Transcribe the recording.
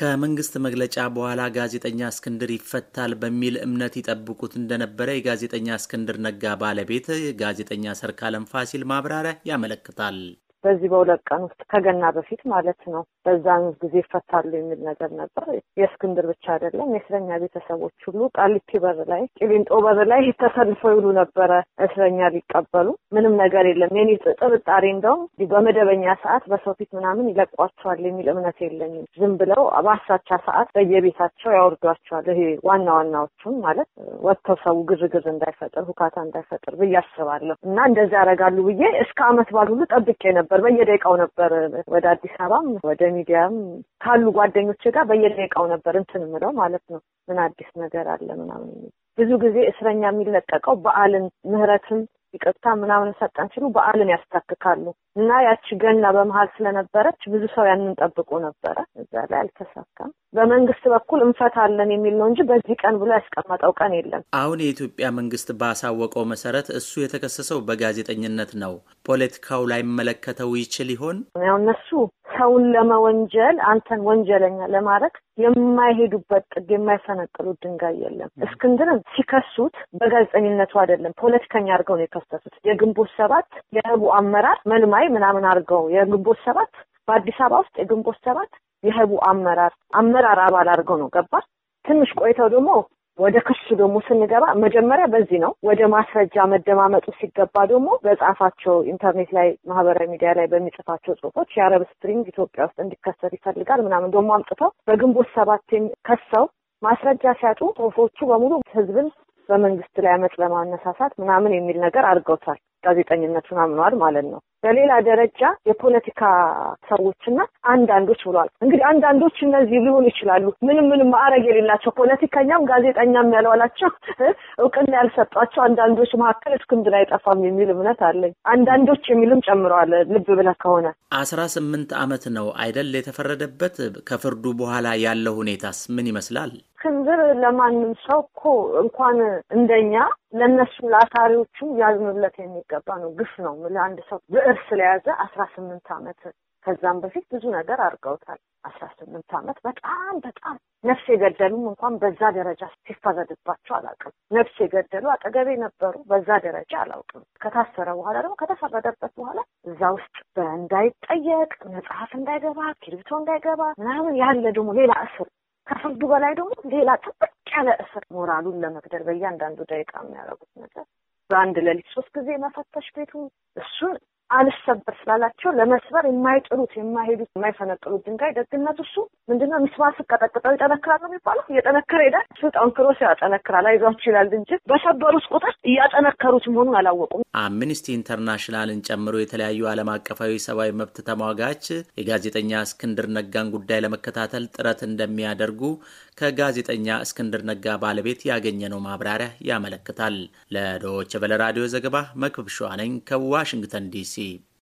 ከመንግስት መግለጫ በኋላ ጋዜጠኛ እስክንድር ይፈታል በሚል እምነት ይጠብቁት እንደነበረ የጋዜጠኛ እስክንድር ነጋ ባለቤት ጋዜጠኛ ሰርካለም ፋሲል ማብራሪያ ያመለክታል። በዚህ በሁለት ቀን ውስጥ ከገና በፊት ማለት ነው። በዛን ጊዜ ይፈታሉ የሚል ነገር ነበር። የእስክንድር ብቻ አይደለም፣ የእስረኛ ቤተሰቦች ሁሉ ቃሊቲ በር ላይ፣ ቂሊንጦ በር ላይ ተሰልፈው ይውሉ ነበረ እስረኛ ሊቀበሉ። ምንም ነገር የለም። የኔ ጥርጣሬ እንደውም በመደበኛ ሰዓት በሰው ፊት ምናምን ይለቋቸዋል የሚል እምነት የለኝም። ዝም ብለው በአሳቻ ሰዓት በየቤታቸው ያወርዷቸዋል። ይሄ ዋና ዋናዎቹን ማለት ወጥተው ሰው ግርግር እንዳይፈጥር፣ ሁካታ እንዳይፈጥር ብዬ አስባለሁ እና እንደዚህ ያደርጋሉ ብዬ እስከ አመት ባል ሁሉ ጠብቄ ነበር። ነበር። በየደቂቃው ነበር ወደ አዲስ አበባም ወደ ሚዲያም ካሉ ጓደኞች ጋር በየደቂቃው ነበር እንትን ምለው ማለት ነው። ምን አዲስ ነገር አለ ምናምን ብዙ ጊዜ እስረኛ የሚለቀቀው በዓልን ምህረትን ይቅርታ ምናምን ሰጠን ሲሉ በዓልን ያስታክካሉ እና ያቺ ገና በመሀል ስለነበረች ብዙ ሰው ያንን ጠብቆ ነበረ። እዛ ላይ አልተሳካም። በመንግስት በኩል እንፈታለን የሚል ነው እንጂ በዚህ ቀን ብሎ ያስቀመጠው ቀን የለም። አሁን የኢትዮጵያ መንግስት ባሳወቀው መሰረት እሱ የተከሰሰው በጋዜጠኝነት ነው። ፖለቲካው ላይ መለከተው ይችል ይሆን? ያው እነሱ ሰውን ለመወንጀል አንተን ወንጀለኛ ለማድረግ የማይሄዱበት ጥግ የማይፈነቅሉት ድንጋይ የለም። እስክንድርን ሲከሱት በጋዜጠኝነቱ አይደለም ፖለቲከኛ አድርገው ነው የከሰሱት። የግንቦት ሰባት የህቡ አመራር መልማይ ምናምን አድርገው የግንቦት ሰባት በአዲስ አበባ ውስጥ የግንቦት ሰባት የህቡ አመራር አመራር አባል አድርገው ነው ገባ። ትንሽ ቆይተው ደግሞ ወደ ክሱ ደግሞ ስንገባ መጀመሪያ በዚህ ነው። ወደ ማስረጃ መደማመጡ ሲገባ ደግሞ በጻፋቸው ኢንተርኔት ላይ ማህበራዊ ሚዲያ ላይ በሚጽፋቸው ጽሁፎች የአረብ ስፕሪንግ ኢትዮጵያ ውስጥ እንዲከሰት ይፈልጋል ምናምን ደግሞ አምጥተው በግንቦት ሰባት ከሰው ማስረጃ ሲያጡ ጽሁፎቹ በሙሉ ህዝብን በመንግስት ላይ አመፅ ለማነሳሳት ምናምን የሚል ነገር አድርገውታል። ጋዜጠኝነቱን አምኗል ማለት ነው። በሌላ ደረጃ የፖለቲካ ሰዎችና አንዳንዶች ብሏል። እንግዲህ አንዳንዶች እነዚህ ሊሆኑ ይችላሉ። ምንም ምንም ማዕረግ የሌላቸው ፖለቲከኛም ጋዜጠኛም ያልዋላቸው እውቅና ያልሰጧቸው አንዳንዶች መካከል እስክንድር አይጠፋም የሚል እምነት አለኝ። አንዳንዶች የሚልም ጨምረዋል። ልብ ብለህ ከሆነ አስራ ስምንት አመት ነው አይደል የተፈረደበት። ከፍርዱ በኋላ ያለው ሁኔታስ ምን ይመስላል? እስክንድር ለማንም ሰው እኮ እንኳን እንደኛ ለእነሱ ለአሳሪዎቹ ያዝኑለት የሚገባ ነው። ግፍ ነው። ለአንድ ሰው ብዕር ስለያዘ አስራ ስምንት ዓመት ከዛም በፊት ብዙ ነገር አድርገውታል። አስራ ስምንት ዓመት በጣም በጣም ነፍስ የገደሉም እንኳን በዛ ደረጃ ሲፈረድባቸው አላውቅም። ነፍስ የገደሉ አጠገቤ ነበሩ። በዛ ደረጃ አላውቅም። ከታሰረ በኋላ ደግሞ ከተፈረደበት በኋላ እዛ ውስጥ እንዳይጠየቅ መጽሐፍ እንዳይገባ፣ ክሪፕቶ እንዳይገባ ምናምን ያለ ደግሞ ሌላ እስር ከፍርዱ በላይ ደግሞ ሌላ ጥብቅ ያለ እስር ሞራሉን ለመግደል በእያንዳንዱ ደቂቃ የሚያደርጉት ነገር በአንድ ሌሊት ሶስት ጊዜ መፈተሽ ቤቱ እሱን አልሰበር ስላላቸው ለመስበር የማይጥሩት የማይሄዱት የማይፈነቅሉት ድንጋይ ደግነት እሱ ምንድነው? ሚስማር ስቀጠቅጠው ይጠነክራል ነው የሚባለው። እየጠነከረ ሄዳል። እሱ ጠንክሮ ያጠነክራል፣ አይዟችሁ ይላል እንጂ በሰበሩት ቁጥር እያጠነከሩት መሆኑን አላወቁም። አምኒስቲ ኢንተርናሽናልን ጨምሮ የተለያዩ አለም አቀፋዊ ሰብአዊ መብት ተሟጋች የጋዜጠኛ እስክንድር ነጋን ጉዳይ ለመከታተል ጥረት እንደሚያደርጉ ከጋዜጠኛ እስክንድር ነጋ ባለቤት ያገኘነው ማብራሪያ ያመለክታል። ለዶይቼ ቬለ ራዲዮ ዘገባ መክብብ ሸዋነኝ ከዋሽንግተን ዲሲ